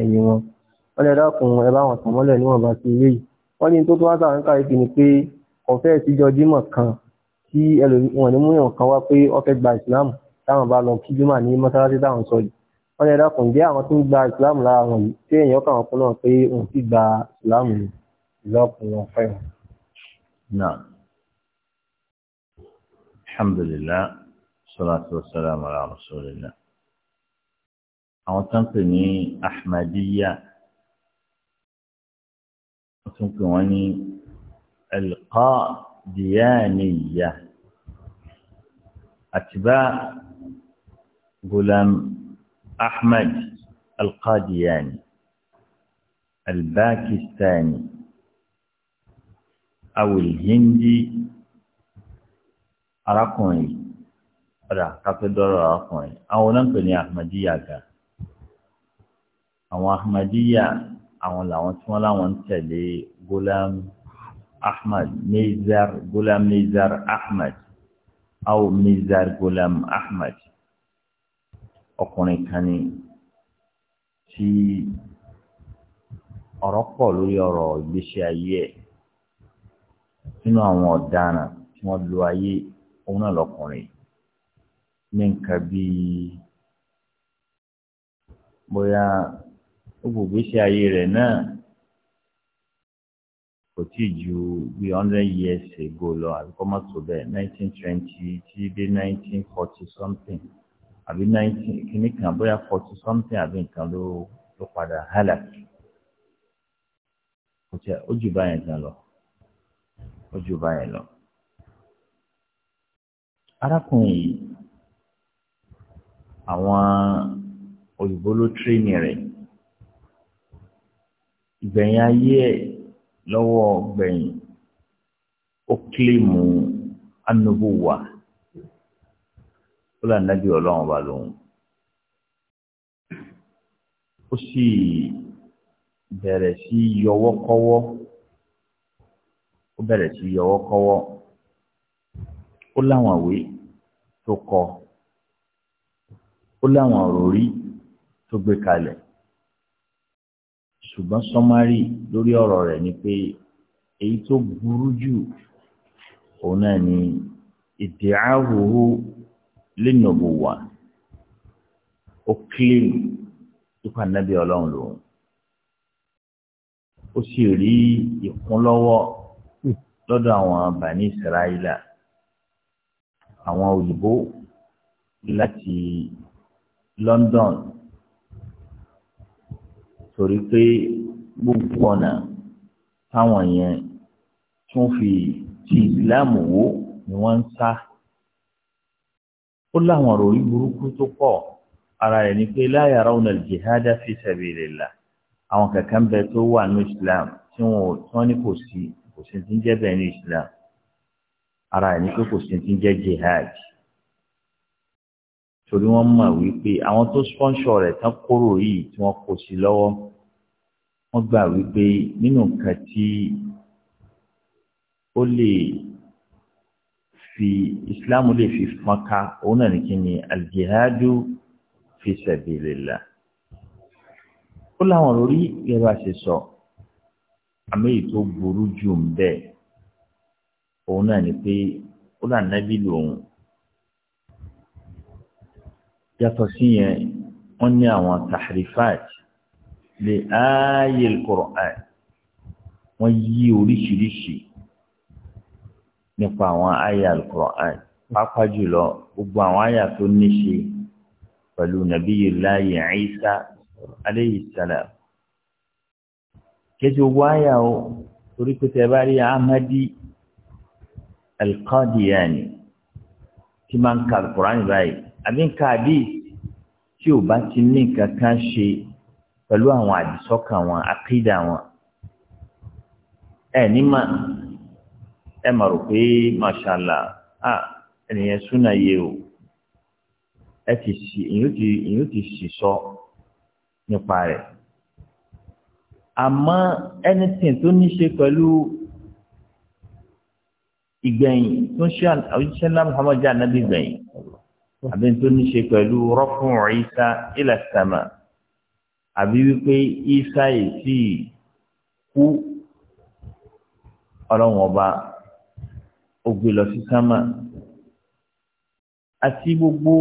ẹ̀yìn wọn wọ́n lè dákun ẹ bá wọn tàn mọ́lẹ̀ níwọ̀nba sí ilé yìí wọ́n ní tó tún wáṣà ń káyé ni pé ọ̀fẹ́ ìtijọ́ jímọ̀ kan tí ẹlòmíràn ní múyàn kan wá pé ó fẹ́ gba ìsìláàmù táwọn bá lọ kí jùmọ̀ ní mọ́sálásí táwọn sọ yìí wọ́n lè dákun jẹ́ àwọn tó ń gba ìsìláàmù lára wọn yìí tí èèyàn kà wọ́n fún náà pé òun sì gba ìsìláàmù ìlọ́kùn wọn fẹ́ wọn. náà alhamdulillah salatu ala rasulillah àwọn tó ń pè ní ahmadiyya wọ́n tún pè wọ́n ní ẹ̀lẹ́kọ́ alqadiyaniya àtibá gulam ahmed ẹ̀lẹ́kọ́ alqadiyani albakistani awul hindi arákùnrin ọ̀dà kápẹ́ dọ́rọ̀ arákùnrin àwọn náà ní ahmadiyya gan. àwọn ahmadiyya àwọn làwọn tí wọ́n láwọn ń tẹ̀lé gulam ahmad mizar gulam mizar ahmad aw mizar gulam ahmad ọkùnrin kan ni tí ọ̀rọ̀ pọ̀ lórí ọ̀rọ̀ ìgbésí ayé ẹ̀ nínú àwọn ọ̀daràn tí wọ́n lo ayé òun náà lọkùnrin ní nǹkan bíi bóyá gbogbo ìgbésí ayé rẹ̀ náà kò tí ju bí hundred years ago lọ àbí kọ́ má tó bẹ́ẹ̀ nineteen twenty tí dé nineteen forty something àbí nineteen kìíní kan bóyá forty something àbí nǹkan ló ló padà hálà kò tí ó jù báyẹn gan lọ ó jù báyẹn lọ. arákùnrin yìí àwọn òyìnbó ló tírénì rẹ̀ ìgbẹ̀yìn ayé ẹ̀ lọ́wọ́ gbẹ̀yìn ó kílèmù anubuwa ó là nábì ọlọ́run bá lòun ó sì bẹ̀rẹ̀ sí yọwọ́kọ́wọ́ ó bẹ̀rẹ̀ sí yọwọ́kọ́wọ́ ó láwọn àwé tó kọ ó láwọn òròrí tó gbé kalẹ̀ ṣùgbọ́n sọmárì lórí ọ̀rọ̀ rẹ̀ ni pé èyí tó burú jù òun náà ni ìdíáhùhù lẹ́nàbò wà ó kílìm nípa nábì ọlọ́run lòun ó sì rí ìkúnlọ́wọ́ lọ́dọ̀ àwọn bani israẹla àwọn òyìnbó láti London torí pé gbogbo ọ̀nà táwọn yẹn tún fi ti ìsìláàmù wò ni wọ́n ń sá ó láwọn ròrí burúkú tó pọ̀ ara rẹ̀ ni pé la yarawna al-jihada fi sabilillah àwọn kankan bẹ tó wà ní islam tí wọn tí wọn ní kò sí kò sí ti ń jẹ́ bẹ́ẹ̀ ní islam ara rẹ̀ ni pé kò sí ti ń jẹ́ jihad torí wọ́n mọ̀ wípé àwọn tó spọ́nṣọ̀ rẹ̀ tán kóró yìí tí wọ́n kó sí lọ́wọ́ wọ́n gbà wípé nínú nǹkan tí ó lè fi ìsìláàmù lè fi fọ́nká òun náà ní kí ni aljihadu fi sabilillah ó láwọn lórí yẹba ṣe sọ àmì tó burú jù ń bẹ òun náà ní pé ó là nábìlì òun yàtọ̀ sí yẹn wọ́n ní àwọn tahrifat lè ááyè al-Qur'an wọ́n yí oríṣiríṣi nípa àwọn àyà al-Qur'an pápá jùlọ gbogbo àwọn àyà tó ní ṣe pẹ̀lú Nabiyullahi Isa alayhi salam kéde owó àyà o torí pé tẹ bá rí Ahmadi al tí máa ń ka al báyìí àbí nǹkan àbí tí ò bá ti ní nǹkan kan ṣe pẹ̀lú àwọn àdìsọ́kàn wọn àkídà wọn ẹ ní mà ẹ mà rò pé mashallah à ẹnìyẹn súnà yẹ o ẹ ti sì èyí ti èyí ti sì sọ nípa rẹ̀ àmọ́ anything tó ní ṣe pẹ̀lú ìgbẹ̀yìn tó ń ṣe àwùjọ ṣẹlá muhammadu anabi gbẹ̀yìn àbí tó ní ṣe pẹ̀lú rọ́pùn ìsá ilẹ̀ sàmà àbí wípé ìsá yìí sì kú ọlọ́run ọba ó gbé lọ sí sàmà àti gbogbo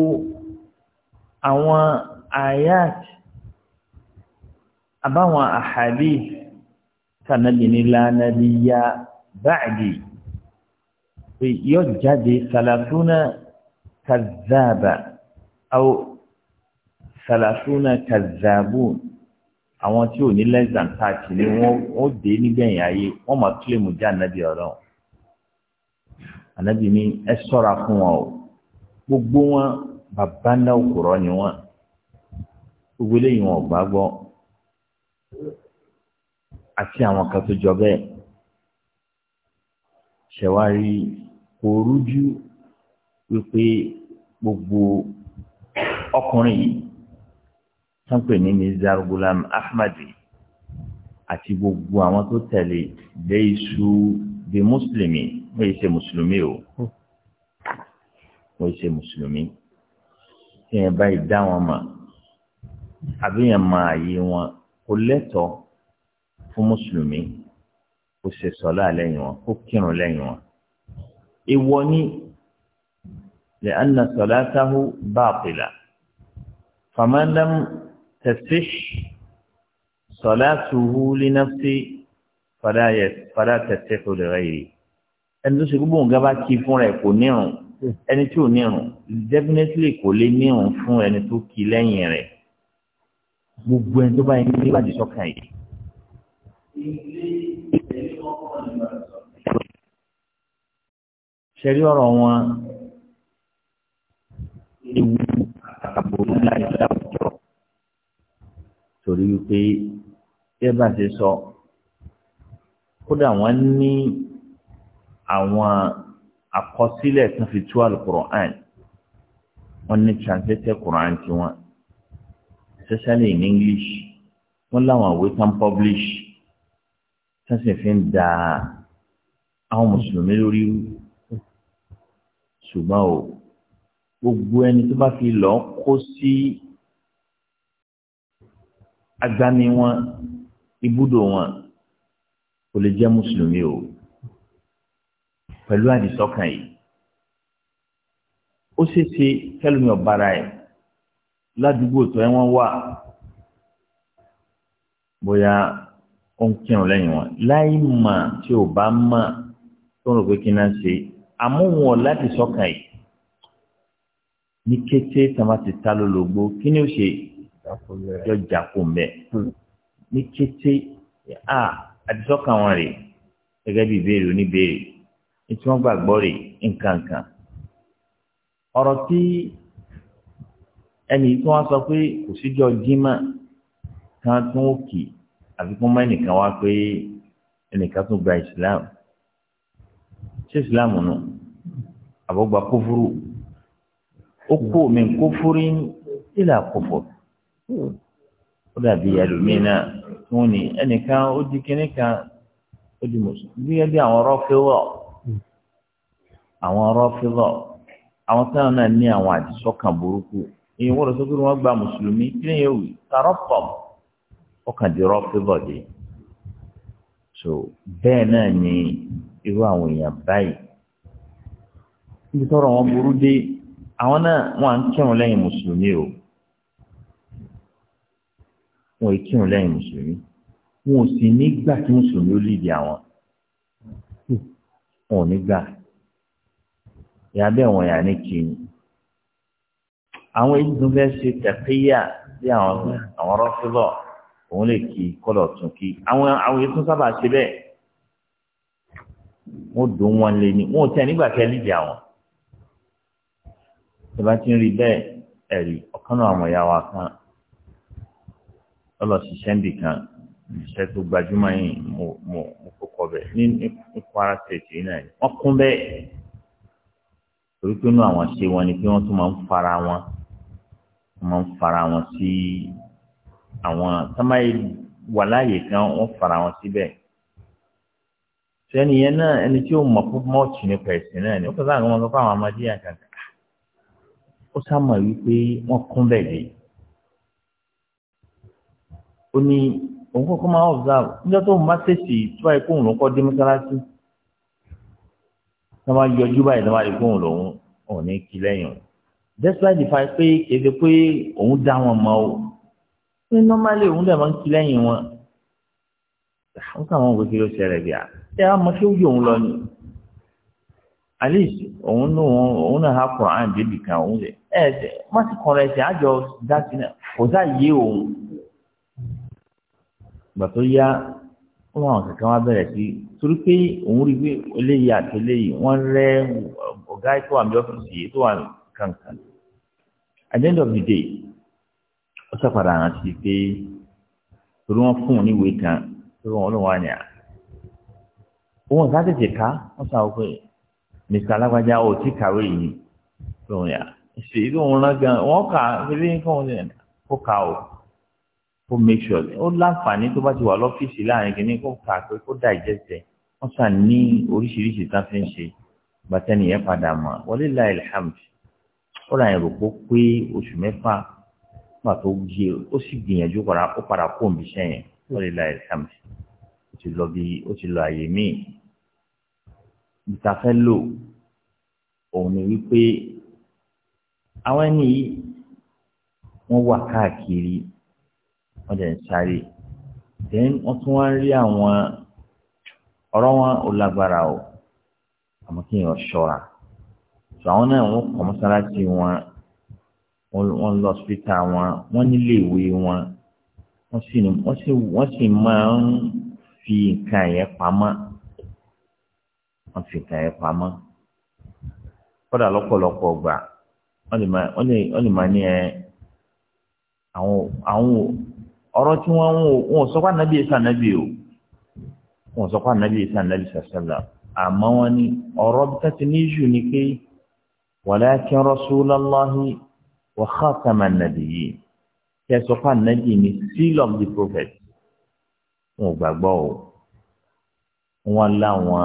àwọn ayat àbáwọn àhàdí kànáàbì ní lánàbí yá yóò jáde sàlàtúnà. كذاب aw ثلاثون كذابون àwọn tí ò ní less than thirty ni wọ́n wọ́n dé nígbẹ̀yìn ayé wọ́n máa kílèmù já ànábì ọ̀rọ̀ ànábì ní ẹ ṣọ́ra fún wọn o gbogbo wọn bàbá ńlá òkúrọ ni wọn gbogbo eléyìí wọn ò gbà àti àwọn kan tó jọ bẹ́ẹ̀ ṣẹwàá rí kò rújú wípé gbogbo ọkùnrin yìí sọ́npẹ̀ ní nizar gulam ahmadi àti gbogbo àwọn tó tẹ̀lé léṣu bí mùsùlùmí wọ́n yìí ṣe mùsùlùmí o wọ́n yìí ṣe mùsùlùmí tí yẹn báyìí dá wọn mọ̀ àbí yẹn mọ ààyè wọn kò lẹ́tọ̀ọ́ fún mùsùlùmí kò ṣe sọ́lá lẹ́yìn wọn kò kírun lẹ́yìn wọn. ìwọ ni لأن صلاته باطلة فمن لم تصح صلاته لنفسه فلا يس فلا تصح لغيره ẹni tó ṣe gbogbo nǹkan bá kí fún rẹ̀ kò nírun ẹni tí ò nírun definitely kò lè nírun fún ẹni tó kí lẹ́yìn rẹ̀ gbogbo ẹni tó bá yẹn ní ìbàdí sọ́kàn yìí. ṣe rí ọ̀rọ̀ wọn ńlá yìí láwùjọ torí wípé bí ẹ bá ṣe sọ kódà wọ́n ní àwọn àkọsílẹ̀ tó fi tú alukur'an wọ́n ní translated quran tiwọn especially in english wọ́n láwọn àwé tán publish tán sì fi ń da àwọn mùsùlùmí lórí ṣùgbọ́n o gbogbo ẹni tó bá fi lọ kó sí agbani wọn ibùdó wọn kò lè jẹ́ mùsùlùmí o pẹ̀lú àdìsọ́kàn yìí ó ṣeéṣe kẹlùmí ọ̀bára ẹ̀ ládùúgbò tó ẹ wọ́n wà bóyá ó ń kírun lẹ́yìn wọn láì mà tí ò bá mà tó ń rò pé kí n náà ṣe àmúhùn ọ̀ láti sọ́kàn yìí ní kété tàmá ti ta lólobó kí ni ó ṣe yọ jàpọ̀ mbẹ́ hmm. ní kété a àdìsọ́kàn wọn rè gẹ́gẹ́ bí ìbéèrè oníbéèrè ní tí wọ́n gbàgbọ́ rè nkankan ọ̀rọ̀ tí ẹnì tí wọ́n sọ pé kò síjọ́ jimá kan tó ń kì àfi kó má ẹnìkan wá pé ẹnìkan tó gba ìsìlámù ṣé ìsìlámù nù àbọ̀gbà kófúrú. ó kú min kufuri ila kufur hmm. ó dàbí ẹlòmíín náà wọn ni ẹnìkan ó di kíní kan ó di mùsùlùmí gẹ́gẹ́ bí àwọn rọ́fíwọ̀ hmm. àwọn awọn àwọn táwọn náà ní àwọn àdìsọ́kàn burúkú èyí wọ́n lọ sọ pé gba mùsùlùmí kí ni so náà ni irú àwọn èèyàn báyìí àwọn náà wọn à ń kírun lẹ́yìn mùsùlùmí o wọn ì kírun lẹ́yìn mùsùlùmí wọn ò sì ní gbà kí mùsùlùmí ó lìdí àwọn wọn ò ní gbà ìyá bẹ́ẹ̀ wọn yà ní kí ni àwọn ìdùn fẹ́ ṣe tẹ̀pẹ́yà bí àwọn àwọn rọ́fílọ̀ òun lè kí kọ́lọ̀ tún kí àwọn àwọn ètò sábà ṣe bẹ́ẹ̀ wọ́n dùn wọn lé ní wọn ò tẹ́ nígbà kẹ́ lìdí àwọn tó bá ti ń rí bẹ́ẹ̀ ẹ̀rí ọ̀kan náà àwọn ìyá wa kan ọlọ ṣiṣẹ́ ń bì kan iṣẹ́ tó gbajúmọ̀ yìí mo mo mo kókọ bẹ̀ ní Kwara State yìí náà wọ́n kún bẹ́ẹ̀ torí pé inú àwọn ṣe wọn ni pé wọ́n tún máa ń fara wọn máa ń fara wọn sí àwọn sámáyé wà láàyè kan wọ́n fara wọn síbẹ̀ sẹ́ni yẹn náà ẹni tí ó mọ̀ fún mọ́ọ̀tì nípa ẹ̀sìn náà ni ó kọ́ sáà kí wọ́n sọ fún àwọn amadíyà kankan ó sàmọ̀ wípé wọ́n kún bẹ̀rẹ̀ ó ní òun kọ́kọ́ máa observe níjọ́ tó ń bá tẹ̀sí tó báyìí kóun ló kọ́ dé mọ́sálásí tó máa yọjú báyìí tó máa rí kóun lòun ò ní kí lẹ́yìn o despite the fact pé kéde pé òun dá wọn mọ́ o pé normally òun dẹ̀ máa ń kí lẹ́yìn wọn ó sàmọ̀ wípé kí ṣẹlẹ̀ bí à ṣé a mọ̀ ṣé ó yọ òun lọ ni at least òun náà òun náà ha Quran débi kan òun lẹ̀ ẹ̀ẹ́dẹ̀ má sì kọ̀ọ̀rọ̀ ẹ̀sẹ̀ àjọ dási náà kò sá yé òun. ìgbà tó yá wọn àwọn kankan wá bẹ̀rẹ̀ sí torí pé òun rí pé eléyìí àti eléyìí wọ́n rẹ́ ọ̀gá tó wà ní ọ́fíìsì yìí tó wà kankan. at the end of the day ó sàpàdà rántí pé torí wọ́n fún un níwèé kan torí wọn ló wà ní à. òun sá tètè ká wọ́n sàwọ́ pé mr alágbájá ò tí kàwé yìí lóun yà ṣe irú òun rán gan wọn kà ilé nǹkan ọ̀hún yẹn kó kà ó kó make sure ó láǹfààní tó bá ti wà lọ́fíìsì láàrin kìíní kó kà pé kó digest ẹ̀ wọ́n sàn ní oríṣiríṣi tá a fi ń ṣe gbàtẹ́ni yẹn padà mọ̀ wọlé láì alhamd ó ra ìrò pó pé oṣù mẹ́fà nígbà tó gbé ó sì gbìyànjú ó padà kó òǹbí sẹ́yìn wọlé láì alhamd ó ti lọ bí ó ti lọ àyè míì ìtafẹ́ lò òun ni wípé àwọn ẹni yìí wọ́n wà káàkiri wọ́n dẹ̀ ń sáré then wọ́n tún wá ń rí àwọn ọ̀rọ̀ wọn ò lágbára o àmọ́ kí èèyàn ṣọ́ra tó àwọn náà wọ́n kọ́ mọ́sálásí wọn wọ́n lọ sípítà wọn wọ́n nílé ìwé wọn wọ́n sì wọ́n sì máa ń fi nǹkan yẹn pamọ́ wọ́n fi nǹkan yẹn pamọ́ kódà lọ́pọ̀lọpọ̀ gbà wọ́n lè máa wọ́n lè máa ní ẹ àwọn àwọn ọ̀rọ̀ tí wọ́n ń wọ́n sọ pé ànábì ẹ̀sán ànábì o wọ́n sọ pé ànábì ẹ̀sán ànábì sàṣàlà àmọ́ wọ́n ní ọ̀rọ̀ bí tàti ní ìṣù ni pé walakin rasulallahi wa khataman nabiyyin kẹ́ sọ ànábì ni seal of the prophet wọn ò gbàgbọ́ o wọ́n láwọn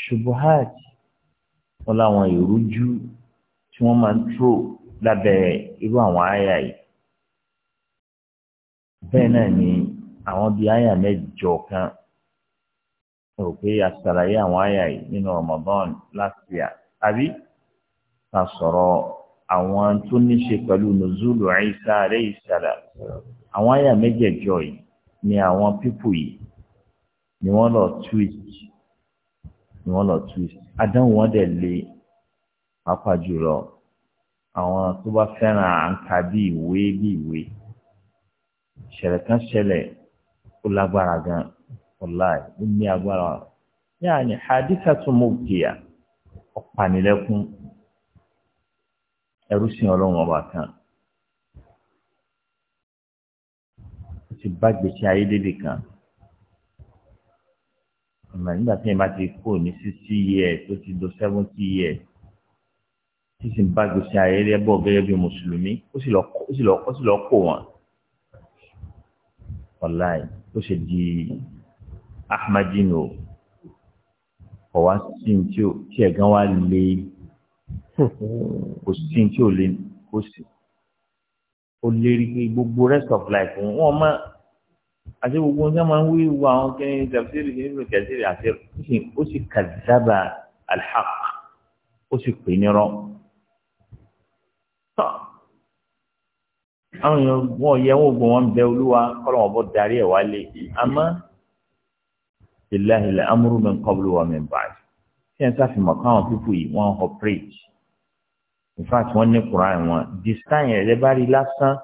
ṣubuhati wọ́n láwọn ìrújú tí wọ́n máa ń tró lábẹ́ irú àwọn àyà yìí bẹ́ẹ̀ náà ni àwọn bíi àyà mẹ́jọ kan rò pé àṣàlàyé àwọn àyà yìí nínú Ramadan last year àbí ta sọ̀rọ̀ àwọn tó ní ṣe pẹ̀lú nùzúlù Ìsá alayhi salam àwọn àyà mẹ́jẹ̀jọ yìí ni àwọn pípù yìí ni wọ́n lọ twist ni wọ́n lọ twist adáhùn wọn dẹ̀ lé pàápàá jùlọ àwọn tó bá fẹ́ràn àǹkà bí ìwé bí ìwé ìṣẹ̀lẹ̀ kan ṣẹlẹ̀ ó lágbára gan ọláì ó ní agbára yáàni haditha tó mú kìyà ọ̀pànilẹ́kún ẹrú sìn ọlọ́run ọba kan ó ti bá gbèsè ayédèdè kan ọmọ nígbà tí yẹn bá ti kó ní sixty years tó ti do seventy years tí sì ń bá gbèsè ayé rẹ bọ̀ gẹ́gẹ́ bí mùsùlùmí ó sì lọ kó wọn ọláì ó ṣe di ahmadino ọwá sí tí ẹ̀gán wa lé kò sí tí ò lé kò sí ó lérí pé gbogbo rest of life wọn mọ àti gbogbo nǹkan máa ń wí wo àwọn kẹrin tafsiri kẹrin tafsiri àti ó sì kàdábà alhaq ó sì pè ní rọ tọ́ àwọn èèyàn wọn yẹ wọn gbọ́n wọn bẹ olúwa kọ́lọ̀ wọn bọ́ darí ẹ̀ wálé àmọ́ ìlàhìlẹ̀ amúrú mi kọ́bùlù wọn mi bàjẹ́ tí ẹ̀ ń sàfihàn káwọn pípù yìí wọ́n operate in fact wọ́n ní Quran wọn distain ẹ̀ lẹ́ bá rí lásán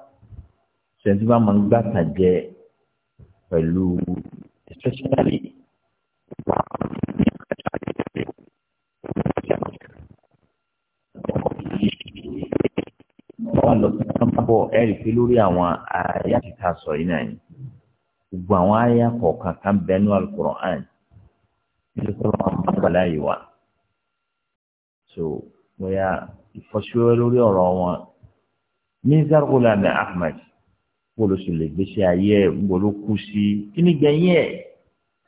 sẹ́ńtì bá máa ń gbàtà jẹ pẹ̀lú especially. bá lọ sí wọn bá bọ̀ ẹ rí i pé lórí àwọn àyà títà sọ yìí náà ni gbogbo àwọn àyà kọ̀ọ̀kan kan bẹ́ẹ̀ ní alukur'an nítorí pé wọn bá gbà láàyè wa so bóyá ìfọ́síwẹ́ lórí ọ̀rọ̀ wọn ní zargulami ahmed bolo sì lè gbèsè ayé ẹ bolo kú sí kíni gbẹ̀yìn ẹ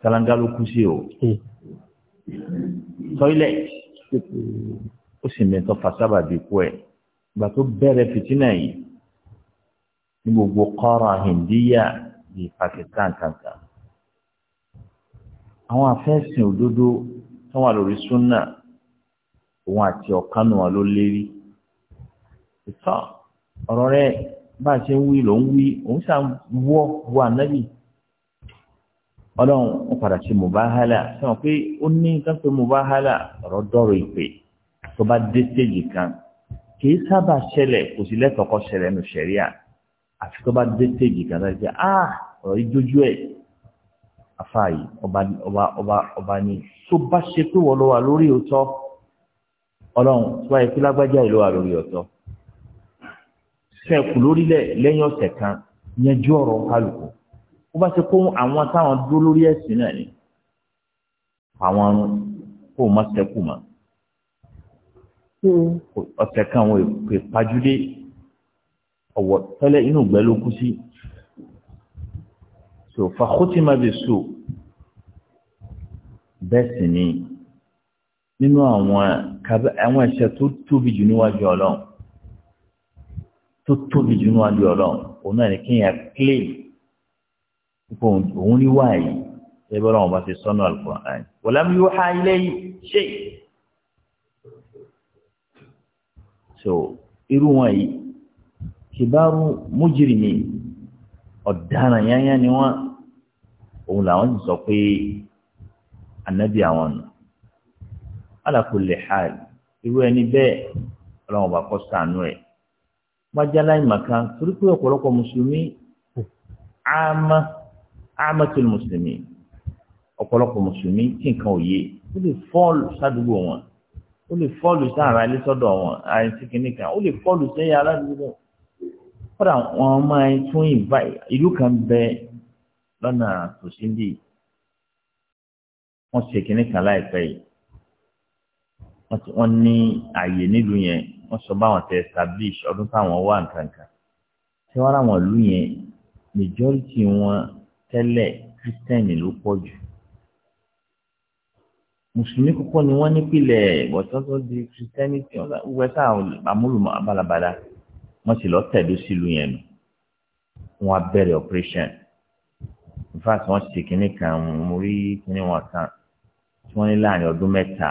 kalanga ló kú sí o tọ́ilẹ̀ ó sì mẹ́tọ́ fasábà kú ẹ̀ ìgbà tó bẹ̀rẹ̀ fìtínà yìí ní gbogbo kọ́ra Hindiya ní Pakistan kankan àwọn afẹ́sìn òdodo tó wà lórí súnà òun àti ọ̀kánù wọn ló lérí ìtọ́ ọ̀rọ̀ rẹ bá a ṣe ń wí ló ń wí òun ṣà ń wọ́ wọ ànábì ọlọ́run ó padà ṣe mùbáhálà sọ pé ó ní nǹkan pé mùbáhálà ọ̀rọ̀ dọ̀rọ̀ ìpè tó bá dé stéèjì kan kìí sábà ṣẹlẹ̀ kò sí lẹ́tọ̀ọ́kọ́ ṣẹlẹ̀ nù ṣẹ̀ríà àfi tó bá dé stéèjì kan láti ṣe á ọ̀rọ̀ yìí dójú ẹ̀ afáàyè ọba ọba ọba ọba ni tó bá ṣe pé wọ́n lọ wà lórí òótọ́ ọlọ́run tó bá yẹ kí lágbájá yìí ló lórí òótọ́ sẹ́ẹ̀kù lórílẹ̀ lẹ́yìn ọ̀sẹ̀ kan yanjú ọ̀rọ̀ kálukú ó bá ṣe kó àwọn táwọn dúró lórí ẹ̀sìn náà ni àwọn kó má sẹ́kù mọ́ ọ̀sẹ̀ kan àwọn èpè pajúdé ọ̀wọ̀ tẹ́lẹ̀ inú ìgbẹ́ ló kú sí so fàkótìmá bẹ so bẹ́ẹ̀ sì ni nínú àwọn kábẹ́ àwọn ẹ̀ṣẹ̀ tó tóbi jù níwájú ọlọ́run tó tóbi jù níwájú ọlọ́run òun náà ní kéèyàn claim ipò òun níwáyé ẹgbẹ́ ọlọ́run bá ti sọ́nà Al-Qur'an wọ́n lámú yóò há ilé yìí ṣe so irú wọn yìí kìbáru mújìrìmì ọ̀daràn yányá ni wọ́n òun làwọn ti sọ pé anabi àwọn nù ala kulli hal irú ẹni bẹ́ẹ̀ ọlọ́run ọba kọ́ sànú ẹ̀ májálá ìmàkan torí pé ọ̀pọ̀lọpọ̀ mùsùlùmí àmà àmàtul mùsùlùmí ọ̀pọ̀lọpọ̀ mùsùlùmí tí nǹkan ò yé ó lè fọ́ọ̀lù sádùúgbò wọn ó lè fọ́ọ̀lù sí àwọn ilé sọ́dọ̀ wọn àìsí kìíní kan ó lè fọ́ọ̀lù sí ẹ̀yà aládùúgbò kódà wọn máa tún ìbá ìlú kan bẹ lọ́nà tòsí bí wọ́n ṣe kìíní kan láìpẹ́ yìí wọ́n ní àyè nílùú yẹn wọ́n sọ báwọn tẹ establish ọdún táwọn wà nǹkankan tí wọ́n rà wọ́n lù yẹn majority wọn tẹ́lẹ̀ Christian ló pọ̀ jù mùsùlùmí kọ́kọ́ ni wọ́n nípìnlẹ̀ bọ̀tọ́tọ́ di christianity wẹ́sà àmúlò balabala wọ́n sì lọ tẹ̀dó sílùú yẹn nù wọ́n á bẹ̀rẹ̀ operation in fact wọ́n ṣe kínní kan mo rí kínní wọn kan tí wọ́n ní láàrin ọdún mẹ́ta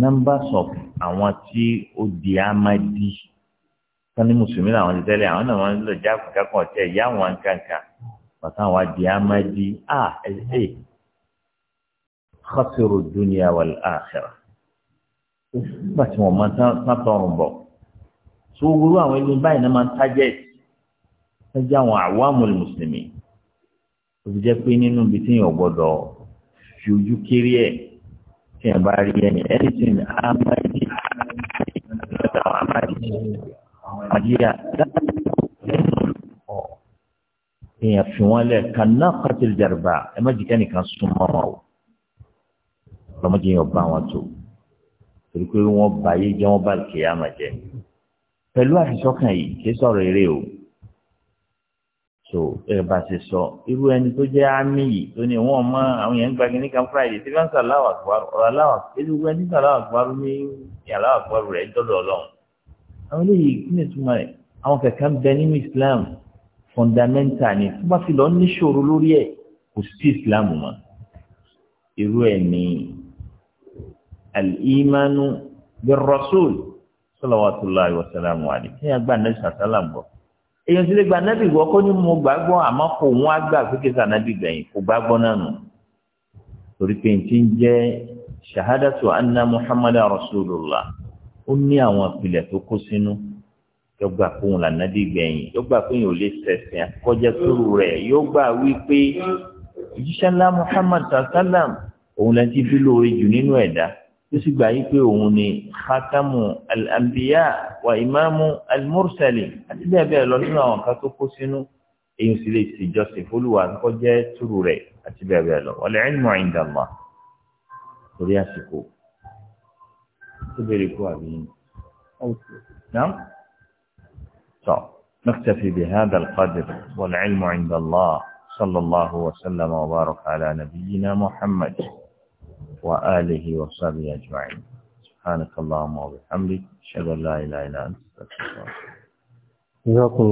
numbers of àwọn tí ó di amadi kan ní mùsùlùmí làwọn ti tẹ́lẹ̀ àwọn náà wọ́n lọ jákòó jákòó ọ̀tẹ̀ ìyá wọn kankan bàtà wọn di amadi ah ẹ ẹ khasiru dunya wal akhirah nígbà tí wọ́n máa tán tọrùn bọ̀ tó gbogbo àwọn ẹni báyìí náà máa ń target ẹjẹ àwọn àwamul mùsùlùmí ó ti jẹ́ pé nínú ibi tí yẹn gbọ́dọ̀ fi ojú kéré ẹ̀ tí yẹn bá rí ẹni anything amadi amadi amadiya èèyàn fi wọn lẹ kanáà kọtìlì jàrúbà ẹ má jìkẹ́ nìkan súnmọ́ wọn o lọ́mọdé yẹn bá wọn tó torí pé wọ́n bá ayé jẹ́ wọ́n bá kìyàmà jẹ́ pẹ̀lú àfisọ́kàn yìí kí sọ̀rọ̀ eré o so ẹ bá ṣe sọ irú ẹni tó jẹ́ àmì yìí tó ní wọ́n mọ àwọn yẹn ń gba kínní kan friday tí wọ́n ń sàláwà àkùbárù ọ̀rọ̀ aláwà pẹ̀lú wọ́n ní sàláwà àkùbárù ní yàláwà àkùbárù rẹ̀ dọ́dọ̀ ọlọ́run àwọn eléyìí kí ni túmọ̀ rẹ̀ àwọn kẹ̀kẹ́ ń bẹ nínú islam fundamental ni tó bá fi lọ níṣòro lórí ẹ̀ kò sí islam mọ́ irú ẹ̀ ní alìmánu bí rọ́súl salawatullahi wa salamu alayhi kí ni agbá nàbì sàtàlà ń bọ̀ èèyàn ti lè gba nàbì gbọ́ kó ní mo gbàgbọ́ àmọ́ kò wọ́n á gbà pé kíkà nàbì gbẹ̀yìn kò gbàgbọ́ náà nù torí pé ti ń jẹ́ shahadatu anna muhammadu rasulullah ó ní àwọn ìpìlẹ̀ tó kó sínú yóò gbà pé òun lànàbì gbẹ̀yìn yóò gbà pé òun lè sẹ̀sìn àkọ́jẹ́ sóru rẹ̀ yóò gbà wípé òjíṣẹ́ ńlá muhammad òun lẹ́ni tí bí lóore jù nínú ẹ̀dá tó sì gbà yí pé òun ni khatamu al-anbiya wa imamu al-mursalin àti bẹ́ẹ̀ bẹ́ẹ̀ lọ nínú àwọn kan tó kó sínú èyí sì lè ṣèjọsìn fólúwa kó jẹ́ túrú rẹ̀ àti bẹ́ẹ̀ bẹ́ẹ̀ lọ wọlé ẹni mọ̀ ilmu inda Allah torí àsìkò tó bèrè kó àbí نعم طب نكتفي بهذا القدر والعلم عند الله صلى الله وسلم وبارك على نبينا محمد وآله وصحبه أجمعين سبحانك اللهم وبحمدك أشهد أن لا إله إلا أنت أستغفرك جزاكم الله